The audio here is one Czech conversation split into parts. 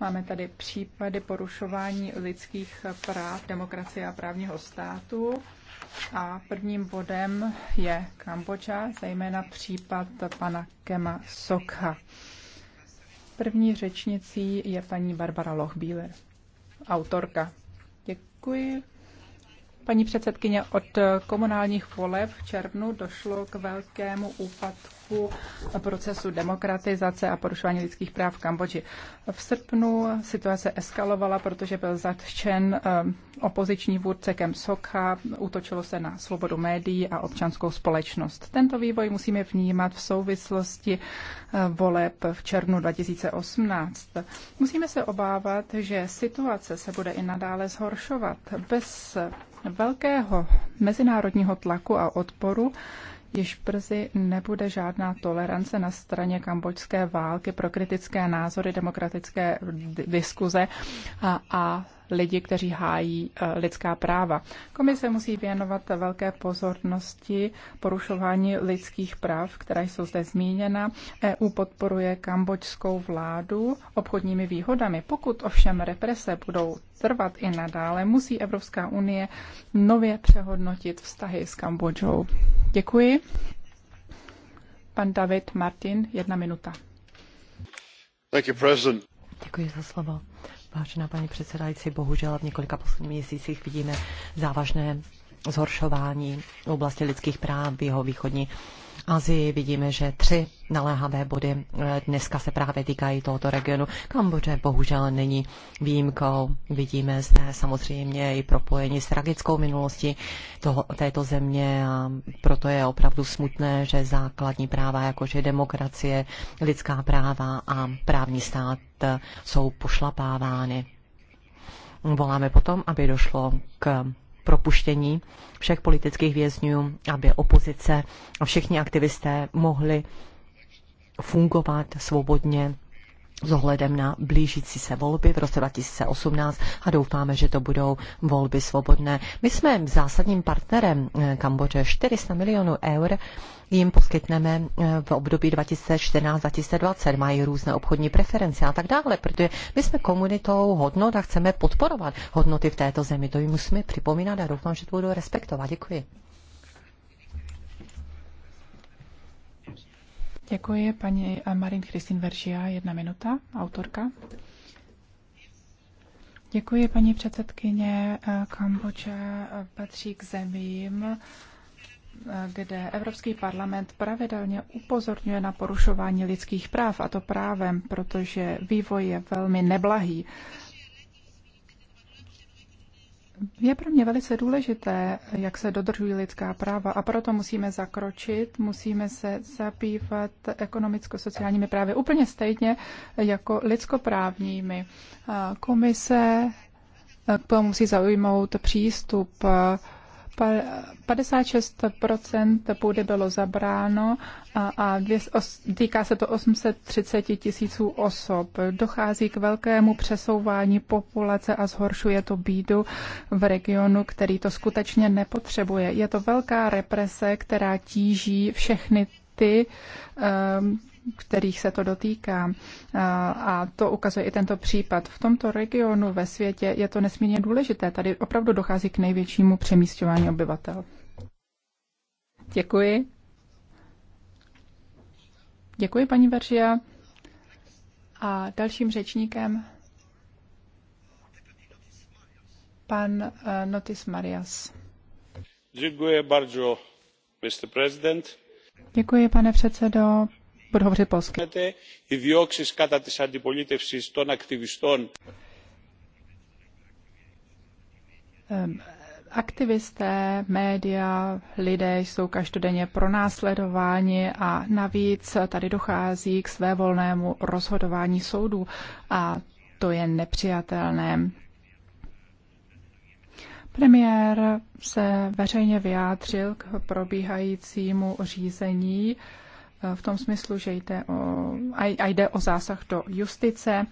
Máme tady případy porušování lidských práv, demokracie a právního státu. A prvním bodem je Kambodža, zejména případ pana Kema Sokha. První řečnicí je paní Barbara Lochbíler, autorka. Děkuji. Paní předsedkyně, od komunálních voleb v červnu došlo k velkému úpadku procesu demokratizace a porušování lidských práv v Kambodži. V srpnu situace eskalovala, protože byl zatčen eh, opoziční vůdce Kem Sokha, útočilo se na svobodu médií a občanskou společnost. Tento vývoj musíme vnímat v souvislosti eh, voleb v červnu 2018. Musíme se obávat, že situace se bude i nadále zhoršovat bez velkého mezinárodního tlaku a odporu již brzy nebude žádná tolerance na straně kambočské války pro kritické názory, demokratické diskuze a, a lidi, kteří hájí eh, lidská práva. Komise musí věnovat velké pozornosti porušování lidských práv, která jsou zde zmíněna. EU podporuje kambočskou vládu obchodními výhodami. Pokud ovšem represe budou trvat i nadále, musí Evropská unie nově přehodnotit vztahy s Kambodžou. Děkuji. Pan David Martin, jedna minuta. Thank you, President. Děkuji za slovo. Vážená paní předsedající, bohužel v několika posledních měsících vidíme závažné zhoršování v oblasti lidských práv v jeho východní Azii. Vidíme, že tři naléhavé body eh, dneska se právě týkají tohoto regionu. Kambodže bohužel není výjimkou. Vidíme zde samozřejmě i propojení s tragickou minulostí toho, této země a proto je opravdu smutné, že základní práva, jakože demokracie, lidská práva a právní stát eh, jsou pošlapávány. Voláme potom, aby došlo k propuštění všech politických vězňů, aby opozice a všichni aktivisté mohli fungovat svobodně s ohledem na blížící se volby v roce 2018 a doufáme, že to budou volby svobodné. My jsme zásadním partnerem eh, Kambodže 400 milionů eur jim poskytneme eh, v období 2014-2020, mají různé obchodní preference a tak dále, protože my jsme komunitou hodnot a chceme podporovat hodnoty v této zemi. To jim musíme připomínat a doufám, že to budou respektovat. Děkuji. Děkuji paní eh, Marin Kristin Veržia, jedna minuta, autorka. Děkuji paní předsedkyně. Eh, Kambodža patří k zemím, eh, kde Evropský parlament pravidelně upozorňuje na porušování lidských práv, a to právem, protože vývoj je velmi neblahý. Je pro mě velice důležité, jak se dodržují lidská práva a proto musíme zakročit, musíme se zabývat ekonomicko-sociálními právy úplně stejně jako lidskoprávními. Komise eh, k tomu musí zaujmout přístup eh, 56 půdy bylo zabráno a, a os, týká se to 830 tisíců osob. Dochází k velkému přesouvání populace a zhoršuje to bídu v regionu, který to skutečně nepotřebuje. Je to velká represe, která tíží všechny ty, um, kterých se to dotýká. A to ukazuje i tento případ. V tomto regionu ve světě je to nesmírně důležité. Tady opravdu dochází k největšímu přemístování obyvatel. Děkuji. Děkuji, paní Veržia. A dalším řečníkem pan eh, Notis Marias. Děkuji bardzo, Mr. President. Děkuji, pane předsedo. Budu hovořit polsky. Aktivisté, média, lidé jsou každodenně pronásledováni a navíc tady dochází k svévolnému rozhodování soudů a to je nepřijatelné. Premiér se veřejně vyjádřil k probíhajícímu řízení v tom smyslu, že jde o, a jde o zásah do justice.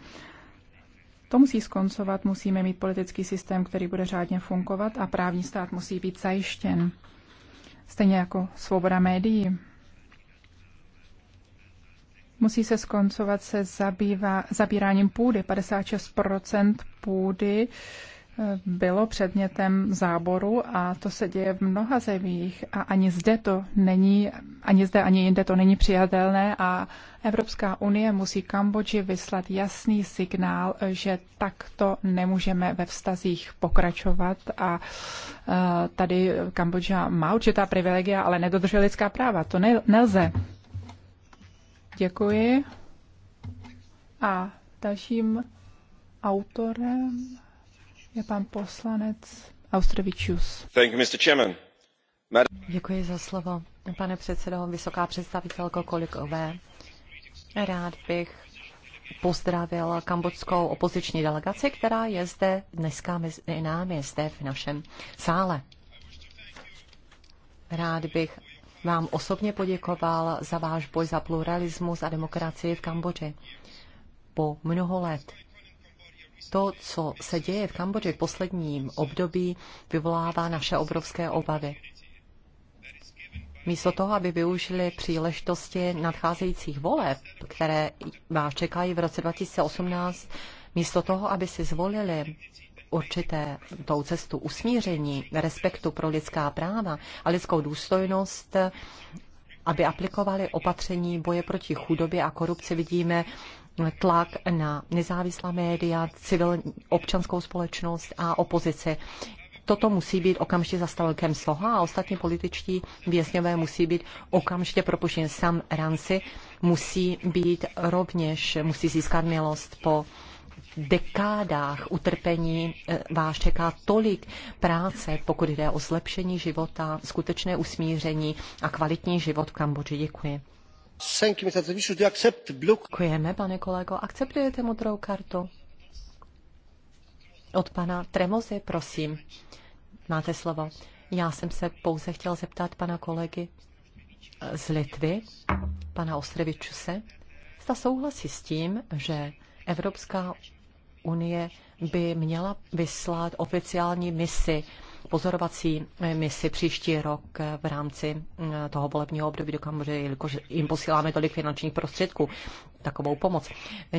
To musí skoncovat, musíme mít politický systém, který bude řádně fungovat a právní stát musí být zajištěn. Stejně jako svoboda médií. Musí se skoncovat se zabývá, zabíráním půdy. 56 půdy bylo předmětem záboru a to se děje v mnoha zemích a ani zde to není, ani zde, ani jinde to není přijatelné a Evropská unie musí Kambodži vyslat jasný signál, že takto nemůžeme ve vztazích pokračovat a e, tady Kambodža má určitá privilegia, ale nedodržuje lidská práva. To nelze. Děkuji. A dalším autorem je pan poslanec Austrovičius. Děkuji za slovo, pane předsedo, vysoká představitelko kolikové. Rád bych pozdravil kambodskou opoziční delegaci, která je zde dneska mezi námi, zde v našem sále. Rád bych vám osobně poděkoval za váš boj za pluralismus a demokracii v Kambodži. Po mnoho let to, co se děje v Kambodži v posledním období, vyvolává naše obrovské obavy. Místo toho, aby využili příležitosti nadcházejících voleb, které vás čekají v roce 2018, místo toho, aby si zvolili určité tou cestu usmíření, respektu pro lidská práva a lidskou důstojnost, aby aplikovali opatření boje proti chudobě a korupci, vidíme tlak na nezávislá média, civilní občanskou společnost a opozici. Toto musí být okamžitě zastavelkem sloha a ostatní političtí vězňové musí být okamžitě propuštěn. Sam Ranci musí být rovněž, musí získat milost po dekádách utrpení eh, vás čeká tolik práce, pokud jde o zlepšení života, skutečné usmíření a kvalitní život v Kambodži. Děkuji. Děkujeme, pane kolego. Akceptujete modrou kartu? Od pana Tremozy, prosím. Máte slovo. Já jsem se pouze chtěl zeptat pana kolegy eh, z Litvy, pana Ostrevičuse, zda souhlasí s tím, že Evropská unie by měla vyslat oficiální misi pozorovací misi příští rok v rámci eh, toho volebního období do Kambodže, jelikož jim posíláme tolik finančních prostředků takovou pomoc.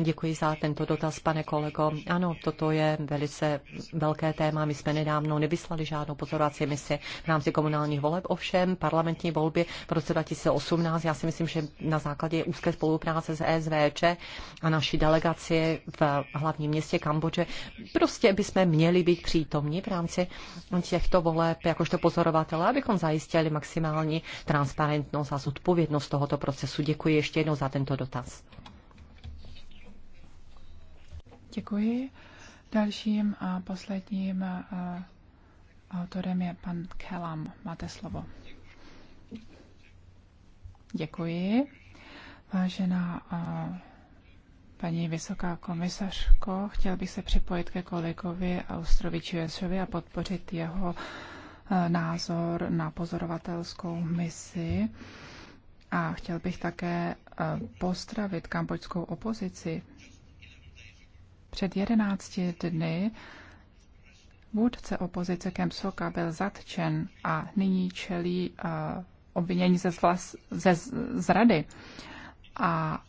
Děkuji za tento dotaz, pane kolego. Ano, toto je velice velké téma. My jsme nedávno nevyslali žádnou pozorovací misi v rámci komunálních voleb, ovšem parlamentní volby v roce 2018. Já si myslím, že na základě úzké spolupráce s ESVČ a naší delegaci v hlavním městě Kambodže prostě bychom měli být přítomní v rámci těchto voleb jakožto pozorovatele, abychom zajistili maximální transparentnost a zodpovědnost tohoto procesu. Děkuji ještě jednou za tento dotaz. Děkuji. Dalším a posledním eh, autorem je pan Kelam. Máte slovo. Děkuji. Vážená eh, paní vysoká komisařko, chtěl bych se připojit ke kolegovi Austrovičovi a podpořit jeho eh, názor na pozorovatelskou misi. A chtěl bych také postravit kambočskou opozici před 11 dny vůdce opozice Kemsoka byl zatčen a nyní čelí uh, obvinění ze, zvlas, ze zrady. A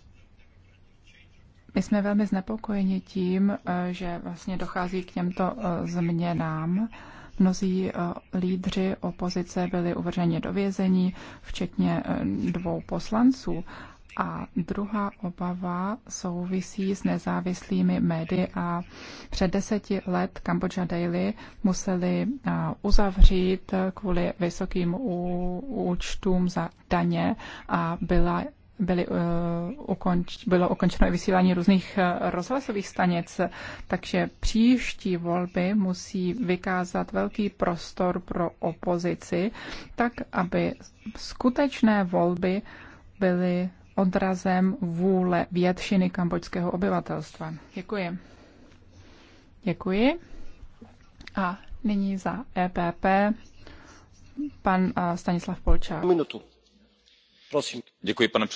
my jsme velmi znepokojeni tím, eh, že vlastně dochází k těmto eh, změnám. Mnozí lídři opozice byli uvrženi do vězení, včetně dvou poslanců. A druhá obava souvisí s nezávislými médii a před deseti let Cambodia Daily museli uzavřít kvůli vysokým účtům za daně a byla byly, uh, ukonč, bylo ukončeno i vysílání různých uh, rozhlasových stanic, takže příští volby musí vykázat velký prostor pro opozici, tak aby skutečné volby byly odrazem vůle většiny kambočského obyvatelstva. Děkuji. Děkuji. A nyní za EPP pan eh, Stanislav Polčák. Minutu. Prosím. Děkuji, pane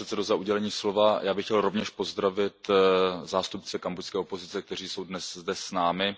slova. já bych chtěl rovněž pozdravit eh, zástupce kambodžské opozice kteří jsou dnes zde s námi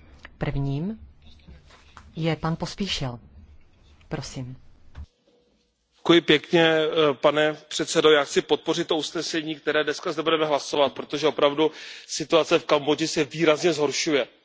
Prvním je pan Pospíšil. Prosím. Děkuji pěkně, eh, pane předsedo. Já chci podpořit to usnesení, které dneska zde budeme hlasovat, protože opravdu situace v Kambodži se výrazně zhoršuje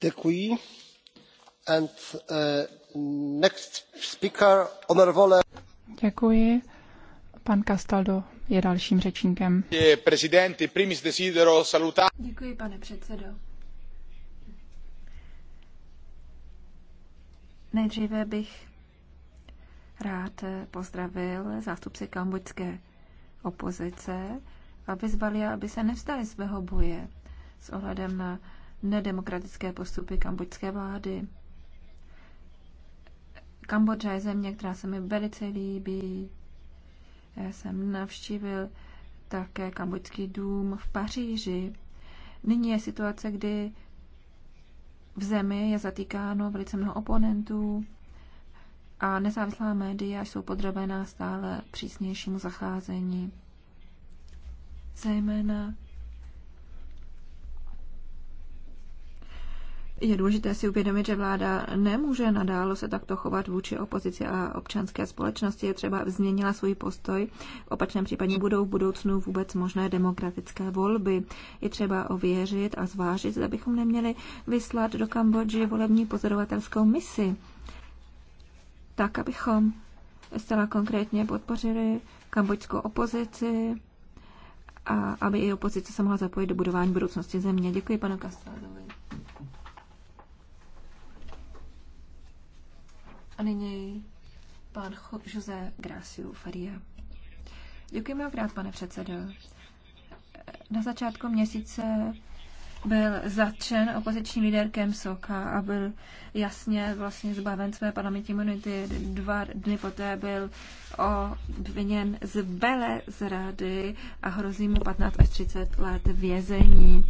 Děkuji. A uh, next speaker, Děkuji. Pan Castaldo je dalším řečníkem. Děkuji, pane předsedo. Nejdříve bych rád pozdravil zástupce kambodžské opozice a vyzvali, aby se nevzdali svého boje s ohledem na nedemokratické postupy kambodžské vlády. Kambodža je země, která se mi velice líbí. Já jsem navštívil také kambodžský dům v Paříži. Nyní je situace, kdy v zemi je zatýkáno velice mnoho oponentů a nezávislá média jsou podrobená stále přísnějšímu zacházení. Zejména je důležité si uvědomit, že vláda nemůže nadále se takto chovat vůči opozici a občanské společnosti. Je třeba změnila svůj postoj. V opačném případě budou v budoucnu vůbec možné demokratické volby. Je třeba ověřit a zvážit, zda bychom neměli vyslat do Kambodži volební pozorovatelskou misi. Tak, abychom zcela konkrétně podpořili kambodžskou opozici a aby i opozice se mohla zapojit do budování budoucnosti země. Děkuji panu Kastázovi. A nyní pan José Graciu Faria. Děkuji krát, pane předsedo. Na začátku měsíce byl zatčen opoziční líder Kem Soka a byl jasně vlastně zbaven své parlamentní imunity. Dva dny poté byl obviněn z vele zrady a hrozí mu 15 až 30 let vězení.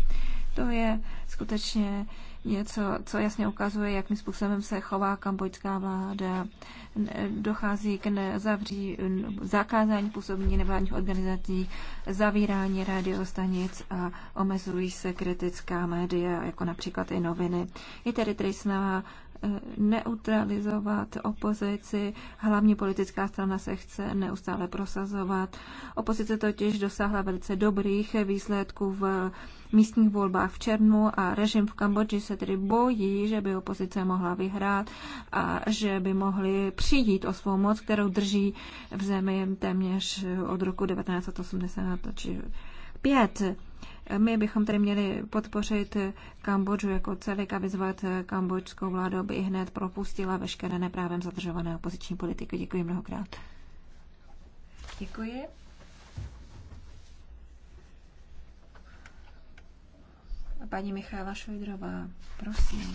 To je skutečně něco, co jasně ukazuje, jakým způsobem se chová kambodžská vláda. Dochází k nezavří, zakázání působení nevládních organizací, zavírání radiostanic a omezují se kritická média, jako například i noviny. Je tedy tristná neutralizovat opozici. Hlavně politická strana se chce neustále prosazovat. Opozice totiž dosáhla velice dobrých výsledků v místních volbách v černu a režim v Kambodži se tedy bojí, že by opozice mohla vyhrát a že by mohli přijít o svou moc, kterou drží v zemi téměř od roku 1985. My bychom tedy měli podpořit Kambodžu jako celek a vyzvat kambodžskou vládu, aby hned propustila veškeré neprávem zadržované opoziční politiky. Děkuji mnohokrát. Děkuji. Paní Michála Švejdrová, prosím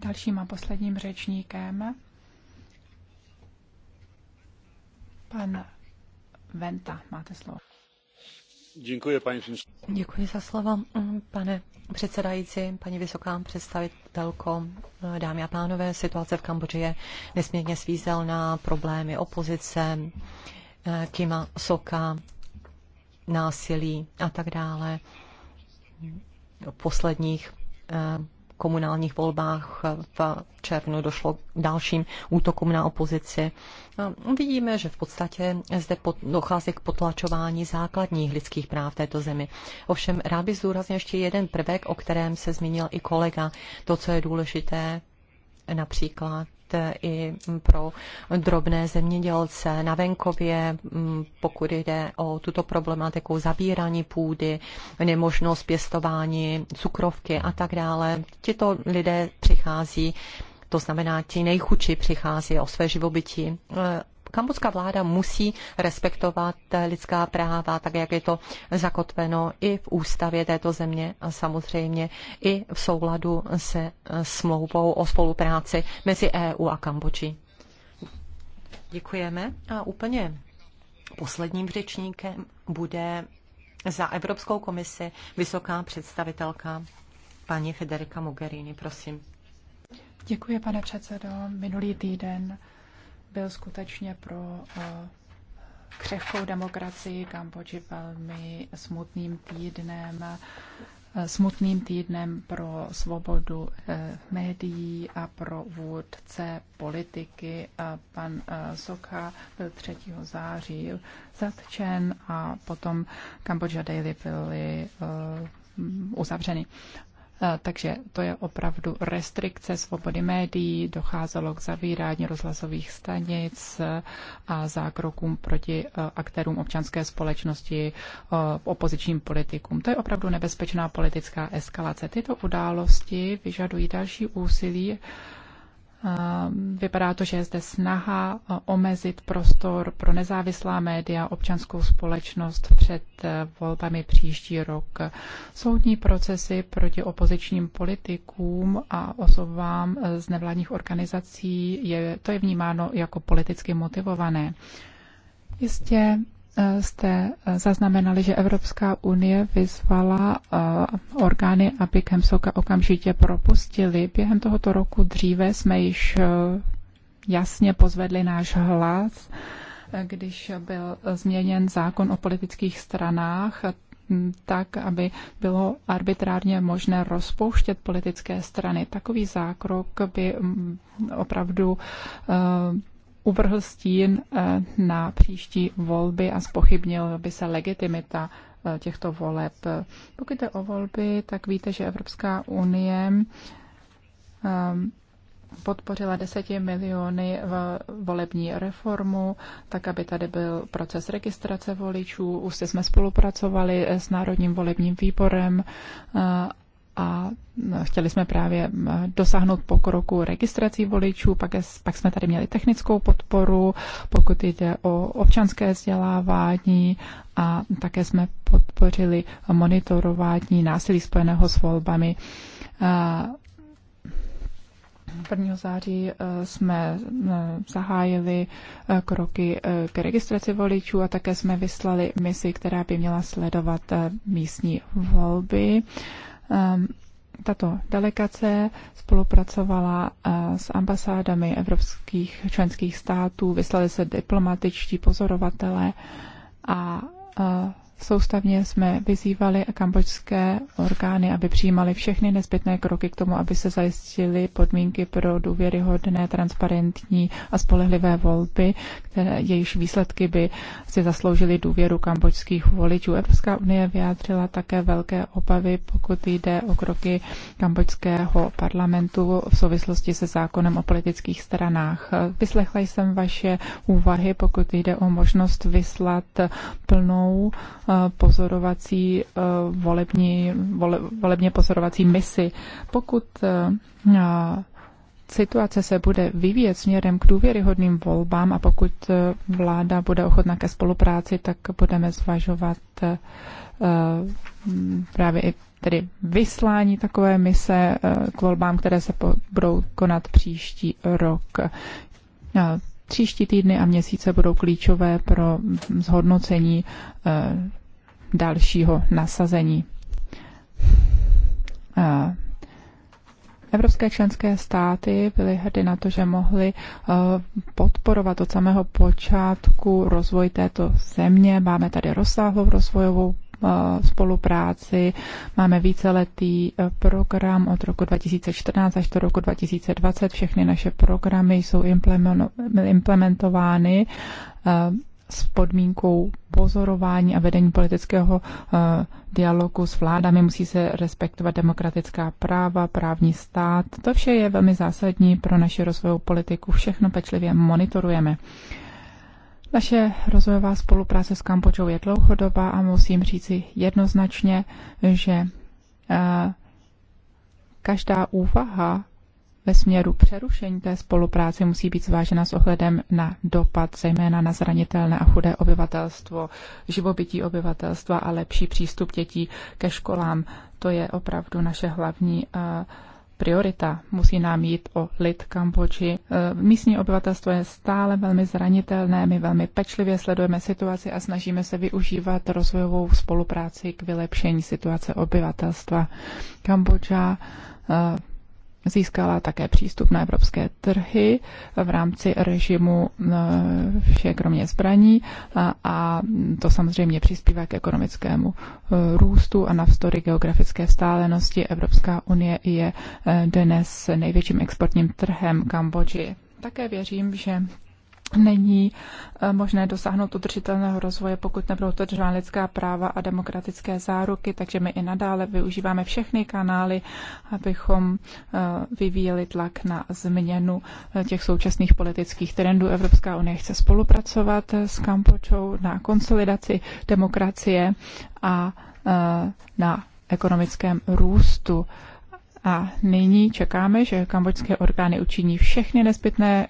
Dalším a posledním řečníkem pan Venta. Máte slovo. Děkuji, paní Děkuji za slovo, mm, pane předsedající, paní vysoká představitelko, dámy a pánové. Situace v Kambodži je nesmírně svízelná, problémy opozice, eh, Kima Soka, násilí a tak dále. posledních eh, komunálních volbách v červnu došlo k dalším útokům na opozici. Vidíme, že v podstatě zde dochází k potlačování základních lidských práv této zemi. Ovšem rád bych zdůraznil ještě jeden prvek, o kterém se zmínil i kolega. To, co je důležité, například Eh, i mm, pro drobné zemědělce na venkově, mm, pokud jde o tuto problematiku zabírání půdy, nemožnost pěstování cukrovky a tak dále. Tito lidé přichází to znamená, ti nejchudší přichází o své živobytí eh, Kambodská vláda musí respektovat lidská práva, tak jak je to zakotveno i v ústavě této země a samozřejmě i v souladu se smlouvou o spolupráci mezi EU a Kambodží. Děkujeme a úplně posledním řečníkem bude za Evropskou komisi vysoká představitelka paní Federica Mogherini. Prosím. Děkuji, pane předsedo. Minulý týden byl skutečně pro eh, křehkou demokracii Kambodži velmi smutným týdnem, eh, smutným týdnem pro svobodu eh, médií a pro vůdce politiky. Pan Soka byl 3. září zatčen a potom Kambodža Daily byly uzavřeny. Eh, takže to je opravdu restrikce svobody médií, docházelo k zavírání rozhlasových stanic eh, a zákrokům proti eh, aktérům občanské společnosti, opozičním politikům. To je opravdu nebezpečná politická eskalace. Tyto události vyžadují další úsilí Ehm, vypadá to, že je zde snaha eh, omezit prostor pro nezávislá média, občanskou společnost před eh, volbami příští rok. Soudní procesy proti opozičním politikům a osobám eh, z nevládních organizací, je, to je vnímáno jako politicky motivované. Jistě Eh, jste eh, zaznamenali, že Evropská unie vyzvala eh, orgány, aby Kemsoka okamžitě propustili. Během tohoto roku dříve jsme již jasně pozvedli náš hlas, když byl změněn zákon o politických stranách, tak, aby bylo arbitrárně možné rozpouštět politické strany. Takový zákrok by mm, opravdu uvrhl stín eh, na příští volby a spochybnil by se legitimita eh, těchto voleb. Pokud jde o volby, tak víte, že Evropská unie ehm, podpořila deseti miliony v volební reformu, tak aby tady byl proces registrace voličů. Už jsme spolupracovali s Národním volebním výborem eh, a chtěli jsme právě dosáhnout pokroku registrací voličů, pak, je, pak jsme tady měli technickou podporu, pokud jde o občanské vzdělávání a také jsme podpořili monitorování násilí spojeného s volbami. 1. září e, jsme e, zahájili e, kroky k registraci voličů a také jsme vyslali misi, která by měla sledovat místní volby Ehm, tato delegace spolupracovala eh, s ambasádami evropských členských států, vyslali se diplomatičtí pozorovatelé a eh, Soustavně jsme vyzývali kambočské orgány, aby přijímali všechny nezbytné kroky k tomu, aby se zajistily podmínky pro důvěryhodné, transparentní a spolehlivé volby, které jejíž výsledky by si zasloužily důvěru kambočských voličů. Evropská unie vyjádřila také velké obavy, pokud jde o kroky kambočského parlamentu v souvislosti se zákonem o politických stranách. Vyslechla jsem vaše úvahy, pokud jde o možnost vyslat plnou Eh, pozorovací eh, volební, vole, volebně pozorovací misi. Pokud eh, situace se bude vyvíjet směrem k důvěryhodným volbám a pokud vláda bude ochotná ke spolupráci, tak budeme zvažovat právě i tedy vyslání takové mise k volbám, které se budou konat příští rok. Příští týdny a měsíce budou klíčové pro zhodnocení dalšího nasazení. Evropské členské státy byly hrdy na to, že mohly e, podporovat od samého počátku rozvoj této země. Máme tady rozsáhlou rozvojovou e, spolupráci. Máme víceletý e, program od roku 2014 až do roku 2020. Všechny naše programy jsou implementovány s podmínkou pozorování a vedení politického eh, dialogu s vládami. Musí se respektovat demokratická práva, právní stát. To vše je velmi zásadní pro naši rozvojovou politiku. Všechno pečlivě monitorujeme. Naše rozvojová spolupráce s Kampočou je dlouhodobá a musím říci jednoznačně, že eh, každá úvaha ve směru přerušení té spolupráce musí být zvážena s ohledem na dopad, zejména na zranitelné a chudé obyvatelstvo, živobytí obyvatelstva a lepší přístup dětí ke školám. To je opravdu naše hlavní eh, priorita. Musí nám jít o lid Kambodži. Eh, místní obyvatelstvo je stále velmi zranitelné, my velmi pečlivě sledujeme situaci a snažíme se využívat rozvojovou spolupráci k vylepšení situace obyvatelstva. Kambodža eh, získala také přístup na evropské trhy v rámci režimu eh, vše kromě zbraní a, a to samozřejmě přispívá k ekonomickému eh, růstu a navzdory geografické vzdálenosti Evropská unie je eh, dnes největším exportním trhem Kambodži. Také věřím, že není eh, možné dosáhnout udržitelného rozvoje, pokud nebudou dodržována lidská práva a demokratické záruky, takže my i nadále využíváme všechny kanály, abychom eh, vyvíjeli tlak na změnu eh, těch současných politických trendů. Evropská unie chce spolupracovat s Kampočou na konsolidaci demokracie a na ekonomickém růstu. A nyní čekáme, že kambočské orgány učiní všechny nezbytné